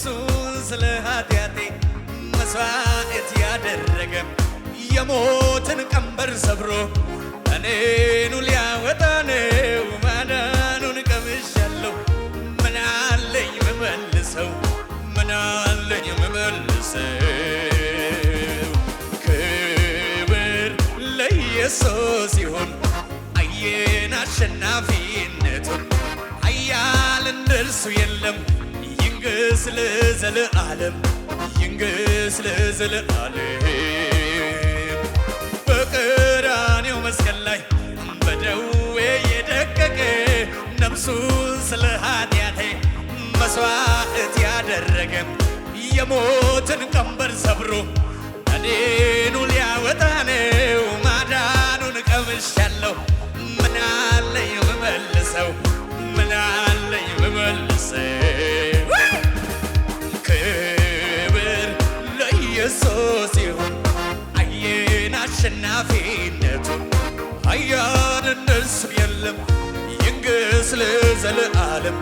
ነፍሱን ስለ ኃጢአቴ መስዋዕት ያደረገ የሞትን ቀንበር ሰብሮ እኔኑ ሊያወጣ ነው። ማዳኑን ቀምሻለሁ። ምናለኝ ምመልሰው ምናለኝ ምመልሰው ክብር ለኢየሱስ ይሁን። አየን አሸናፊነቱን ኃያል እንደርሱ የለም። ይንገስ ለዘለዓለም ይንገስ ለዘለዓለም በቀራንዮው መስቀል ላይ በደዌ የደቀቀ ነፍሱን ስለ ኃጢአቴ መስዋዕት ያደረገ የሞትን ቀንበር ሰብሮ እኔኑ ሊያወጣ ነው። ኃያልነት ስም የለም። ይንገስ ለዘለዓለም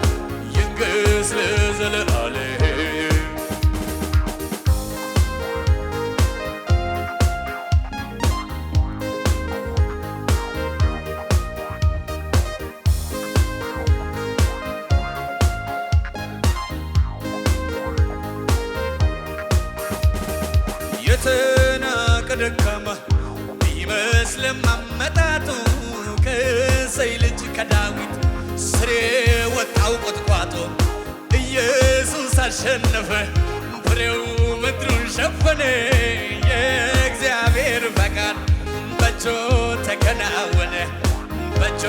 ይንገስ ለዘለዓለም የተናቀ ደጋ ከዳዊት ስሬ ወጣው ቁጥቋጦ ኢየሱስ አሸነፈ ፍሬው ምድሩን ሸፈነ። የእግዚአብሔር ፈቃድ በእጁ ተከናወነ በእጁ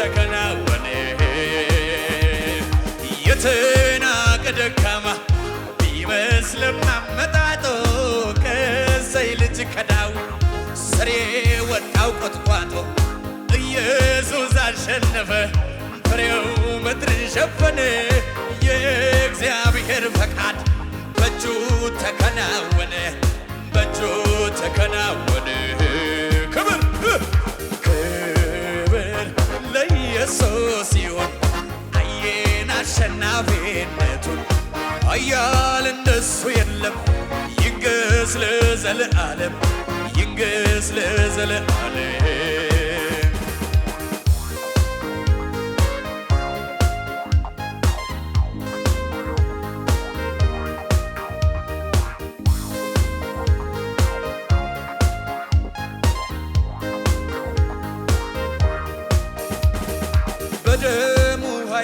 ተከናወነ። የተናቀ ደካማ ቢመስልም አመጣጦ ከእሴይ ልጅ ከዳዊት ስሬ ወጣው ቁጥቋጦ ኢየሱስ አሸነፈ፣ ፍሬው ምድርን ሸፈነ። የእግዚአብሔር ፈቃድ በእጁ ተከናወነ፣ በእጁ ተከናወነ። ክብር ክብር ለኢየሱስ ይሁን። አየን አሸናፊነቱን አያል እንደሱ የለም። ይንገስ ለዘለዓለም ይንገስ ለዘለዓለም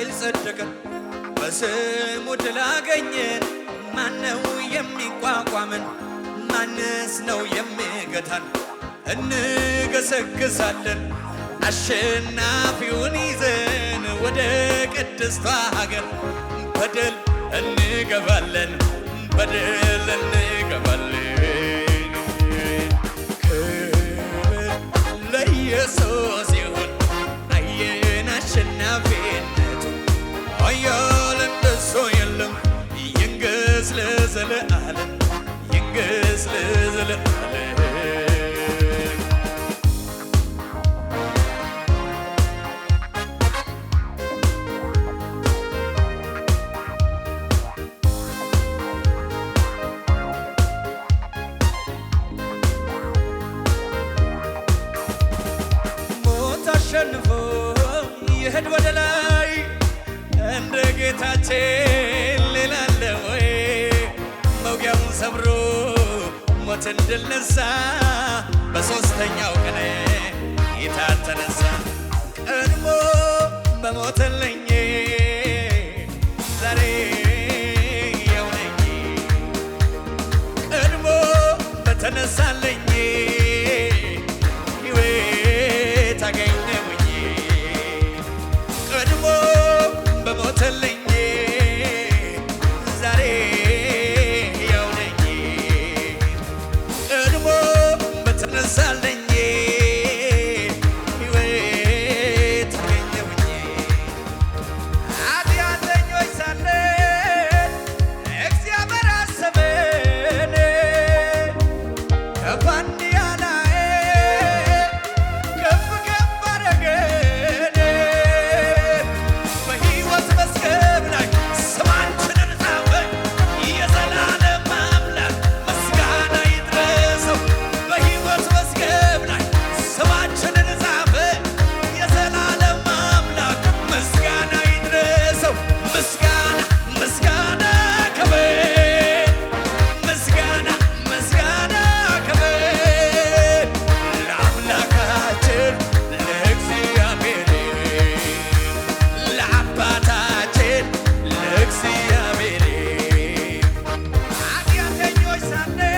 ኃይል ጸደቀን በስሙ ድል አገኘን። ማነው የሚቋቋመን? ማንስ ነው የሚገታን? እንገሰግሳለን አሸናፊውን ይዘን ወደ ቅድስቷ ሀገር በድል እንገባለን በድል እንገባለን። ክብር ለኢየሱስ ይሁን አየን አሸናፊ and ከሞት እንድነሳ በሦስተኛው ቀን ጌታ ተነሳ። ቀድሞ በሞተልኝ ዛሬ Sunday.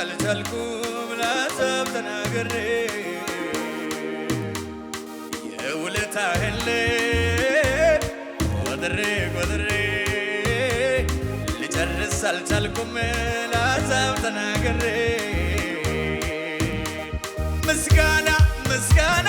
አልሰልተልኩም ለሰብ ተናግሬ የውለታህን ቆጥሬ ቆጥሬ ልጨርስ አልቻልኩም ለሰብ ተናግሬ ምስጋና ምስጋና